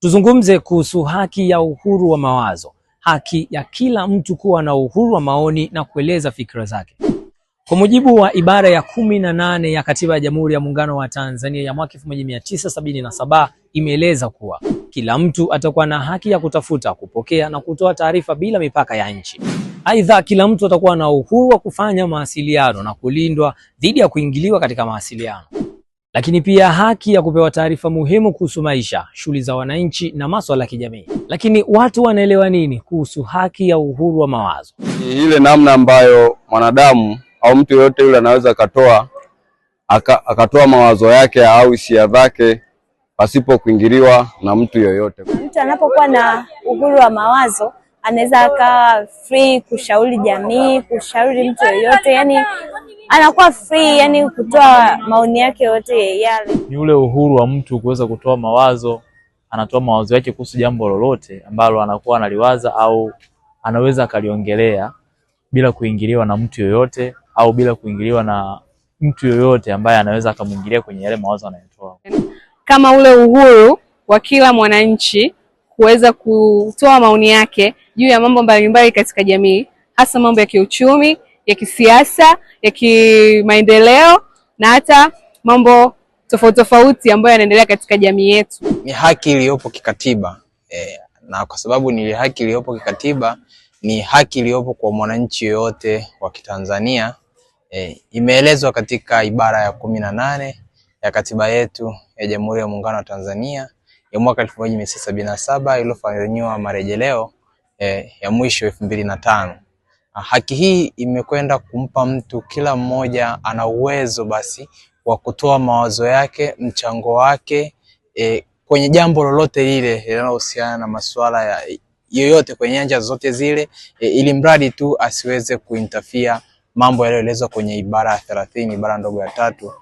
Tuzungumze kuhusu haki ya uhuru wa mawazo, haki ya kila mtu kuwa na uhuru wa maoni na kueleza fikra zake. Kwa mujibu wa ibara ya kumi na nane ya Katiba ya Jamhuri ya Muungano wa Tanzania ya mwaka 1977 imeeleza kuwa kila mtu atakuwa na haki ya kutafuta, kupokea na kutoa taarifa bila mipaka ya nchi. Aidha, kila mtu atakuwa na uhuru wa kufanya mawasiliano na kulindwa dhidi ya kuingiliwa katika mawasiliano lakini pia haki ya kupewa taarifa muhimu kuhusu maisha, shughuli za wananchi na maswala ya kijamii. Lakini watu wanaelewa nini kuhusu haki ya uhuru wa mawazo? Ni ile namna ambayo mwanadamu au mtu yoyote yule anaweza akatoa aka, akatoa mawazo yake au hisia zake pasipo kuingiliwa na mtu yoyote. Mtu anapokuwa na uhuru wa mawazo anaweza akawa free kushauri jamii, kushauri mtu yoyote, yani anakuwa free, yani kutoa maoni yake yote yale. Ni ule uhuru wa mtu kuweza kutoa mawazo, anatoa mawazo yake kuhusu jambo lolote ambalo anakuwa analiwaza au anaweza akaliongelea bila kuingiliwa na mtu yoyote au bila kuingiliwa na mtu yoyote ambaye anaweza akamwingilia kwenye yale mawazo anayotoa, kama ule uhuru wa kila mwananchi kuweza kutoa maoni yake juu ya mambo mbalimbali katika jamii, hasa mambo ya kiuchumi ya kisiasa, ya kimaendeleo na hata mambo tofauti tofauti ambayo yanaendelea katika jamii yetu. Ni haki iliyopo kikatiba e, na kwa sababu ni haki iliyopo kikatiba, ni haki iliyopo kwa mwananchi yoyote wa Kitanzania e, imeelezwa katika ibara ya kumi na nane ya katiba yetu ya Jamhuri ya Muungano wa Tanzania ya mwaka elfu moja mia tisa sabini na saba iliyofanyiwa marejeleo e, ya mwisho elfu mbili na tano. Ah, haki hii imekwenda kumpa mtu, kila mmoja ana uwezo basi wa kutoa mawazo yake, mchango wake e, kwenye jambo lolote lile linalohusiana na masuala ya yoyote kwenye nyanja zote zile e, ili mradi tu asiweze kuintafia mambo yaliyoelezwa kwenye ibara ya thelathini ibara ndogo ya tatu